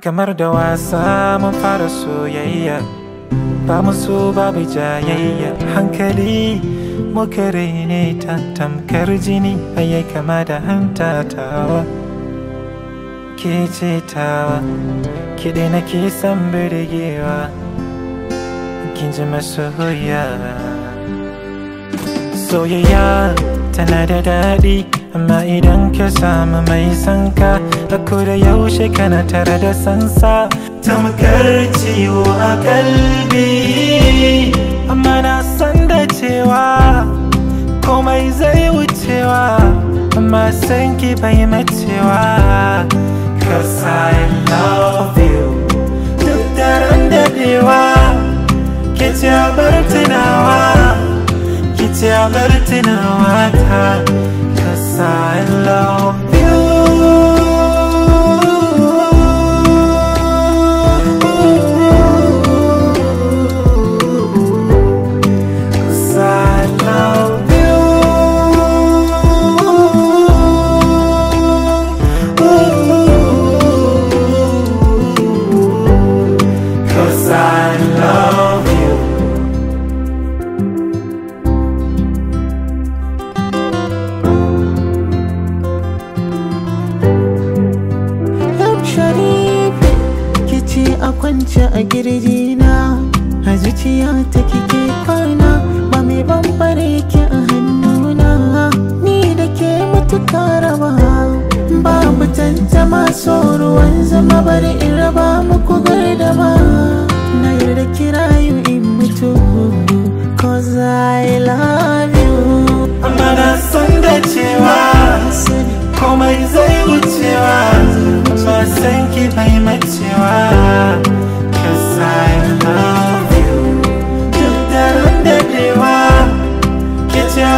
Kamar da wasa mun fara soyayya Ba mu so babu jayayya hankali muka ne tantamkar jini Ayyai kama da hanta tawa Ke ce tawa Kiɗe na ke san birgewa Kin ji masoya Soyayya tana da daɗi amma idan ka samu mai sanka a kuda yaushe kana tare da sansa tamkar ciwo a kalbi amma na san da cewa komai zai wucewa amma san ki bai macewa cause I love you duk daren dadewa ki ce bar tunawa ki ce bar tunawa ta a kwance a girgina a zuciya ta kike kwana ba mai bambare ki a hannuna ni da ke mutuka raba babu tantama so ruwan zama bari in raba muku gardama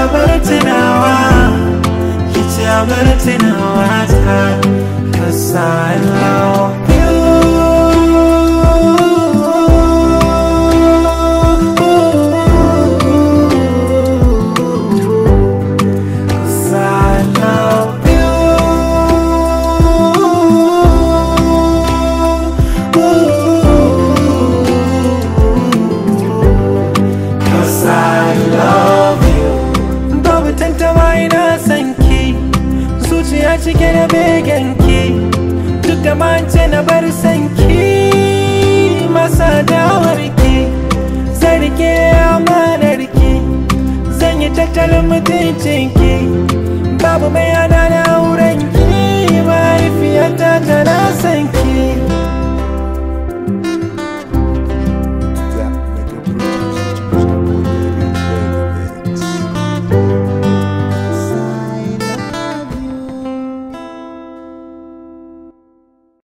bar i ki ci bar tunawa da begenki duk da mance na bar sanki masa dawarki zan amanarki zan yi tattalin mutuncinki babu mai yana